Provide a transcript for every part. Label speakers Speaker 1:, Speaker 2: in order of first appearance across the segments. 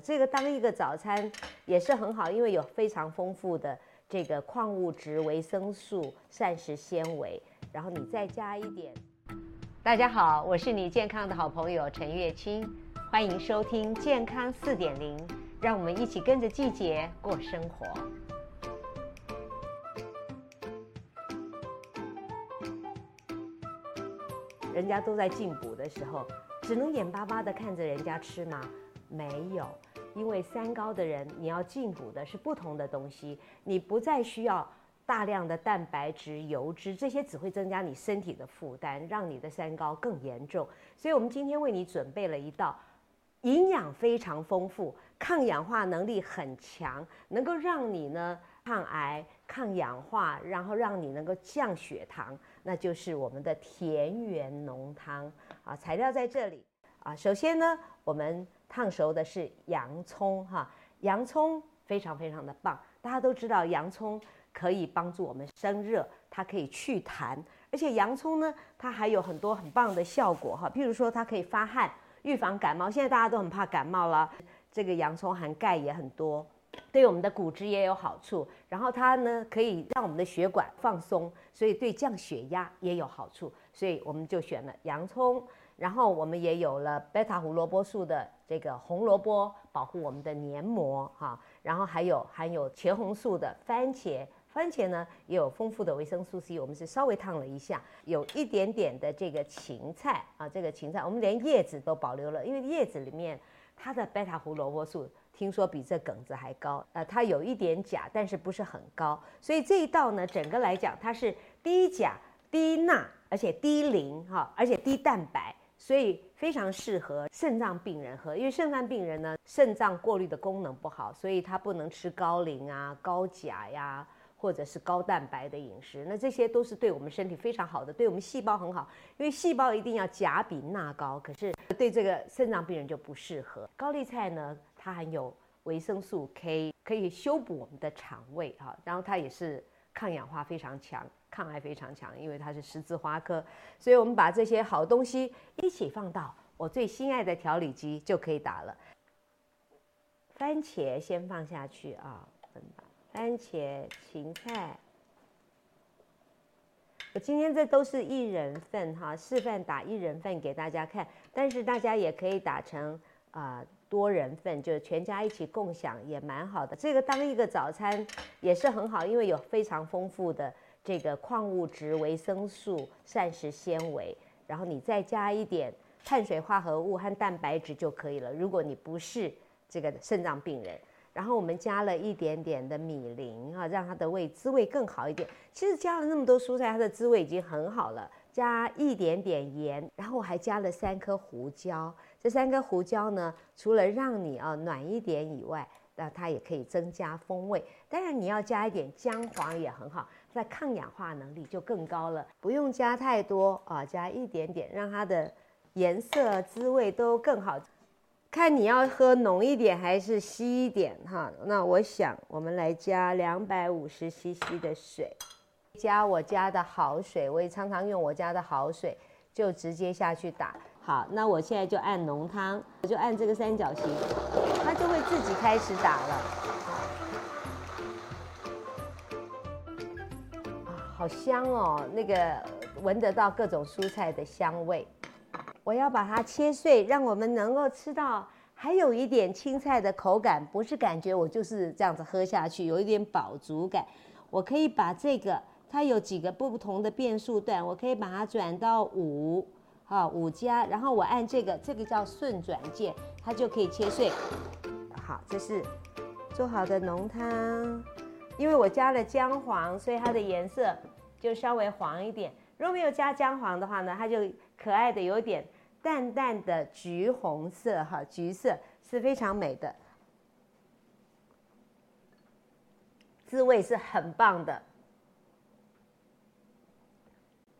Speaker 1: 這個當一個早餐也是很好，因為有非常豐富的這個礦物質、維生素、膳食纖維，然後你再加一點。大家好，我是你健康的好朋友陳月卿，歡迎收聽《健康4.0》，讓我們一起跟着季節過生活。人家都在進補的時候，只能眼巴巴的看着人家吃嗎？沒有。因為三高的人，你要進補的是不同的東西，你不再需要大量的蛋白質、油脂，這些只會增加你身體的負擔，讓你的三高更嚴重。所以，我們今天為你準備了一道營養非常豐富、抗氧化能力很強，能夠讓你呢抗癌、抗氧化，然後讓你能夠降血糖，那就是我們的田園濃湯啊。材料在這裡。啊，首先呢，我們燙熟的是洋蔥哈。洋蔥非常非常的棒，大家都知道，洋蔥可以幫助我們生熱，它可以去痰，而且洋蔥呢，它還有很多很棒的效果哈。譬如說，它可以發汗，預防感冒。現在大家都很怕感冒了，這個洋蔥含鈣也很多，對我們的骨質也有好處。然後它呢，可以讓我們的血管放鬆，所以對降血壓也有好處。所以我們就選了洋蔥。然後我們也有了貝塔胡蘿蔔素的這個紅蘿蔔，保護我們的黏膜哈、啊。然後還有含有茄紅素的番茄，番茄呢也有豐富的維生素 C。我們是稍微燙了一下，有一點點的這個芹菜啊，這個芹菜我們連葉子都保留了，因為葉子裡面它的貝塔胡蘿蔔素聽說比這梗子還高。呃，它有一點鉀，但是不是很高。所以這一道呢，整個來講它是低鉀、低鈉，而且低磷哈，而且低蛋白。所以非常適合腎臟病人喝，因為腎臟病人呢，腎臟過濾的功能不好，所以他不能吃高磷啊、高鉀呀、啊，或者是高蛋白的飲食。那這些都是對我們身體非常好的，對我們細胞很好，因為細胞一定要鉀比鈉高，可是對這個腎臟病人就不適合。高麗菜呢，它含有維生素 K，可以修補我們的腸胃哈，然後它也是抗氧化非常強。抗癌非常強，因為它是十字花科，所以我們把這些好東西一起放到我最心愛的調理機就可以打了。番茄先放下去啊，番茄、芹菜。我今天這都是一人份哈、啊，示範打一人份給大家看，但是大家也可以打成啊、呃、多人份，就是全家一起共享也蠻好的。這個當一個早餐也是很好，因為有非常豐富的。這個礦物質、維生素、膳食纖維，然後你再加一點碳水化合物和蛋白質就可以了。如果你不是這個腎臟病人，然後我們加了一點點的米靈啊，讓它的味滋味更好一點。其實加了那麼多蔬菜，它的滋味已經很好了。加一點點鹽，然後我還加了三顆胡椒。這三顆胡椒呢，除了讓你啊暖一點以外，那它也可以增加風味，當然你要加一點薑黃也很好，它抗氧化能力就更高了。不用加太多啊、哦，加一點點，讓它的顏色、滋味都更好。看你要喝濃一點還是稀一點哈？那我想，我們來加兩百五十 CC 的水，加我家的好水，我也常常用我家的好水，就直接下去打。好，那我現在就按濃湯，我就按這個三角形。自己開始打了，啊，好香哦！那個聞得到各種蔬菜的香味。我要把它切碎，讓我們能夠吃到，還有一點青菜的口感，不是感覺我就是這樣子喝下去，有一點飽足感。我可以把這個，它有幾個不同的變速段，我可以把它轉到五，五加，然後我按這個，這個叫順轉鍵，它就可以切碎。好，這是做好的濃湯，因為我加了薑黃，所以它的顏色就稍微黃一點。如果沒有加薑黃的話呢，它就可愛的有點淡淡的橘紅色哈，橘色是非常美的，滋味是很棒的，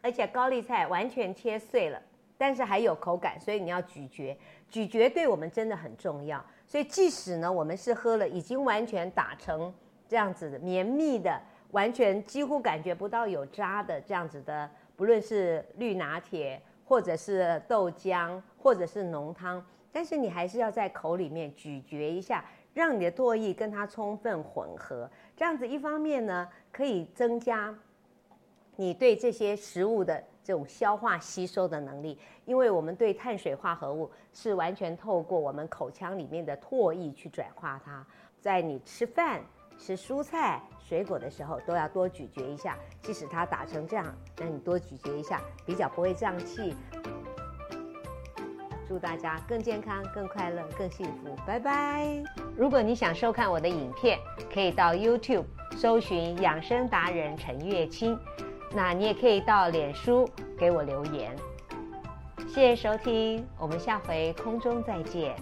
Speaker 1: 而且高麗菜完全切碎了。但是還有口感，所以你要咀嚼。咀嚼對我們真的很重要。所以即使呢，我們是喝了已經完全打成這樣子的綿密的，完全幾乎感覺不到有渣的這樣子的，不論是綠拿鐵，或者是豆漿，或者是濃湯，但是你還是要在口裡面咀嚼一下，讓你的唾液跟它充分混合。這樣子一方面呢，可以增加你對這些食物的。這種消化吸收的能力，因為我們對碳水化合物是完全透過我們口腔裡面的唾液去轉化它，在你吃飯、吃蔬菜、水果的時候，都要多咀嚼一下，即使它打成這樣，那你多咀嚼一下，比較不會脹氣。祝大家更健康、更快樂、更幸福，拜拜！如果你想收看我的影片，可以到 YouTube 搜尋“養生達人陳月卿”。那你也可以到臉書給我留言。謝謝收聽，我們下回空中再見。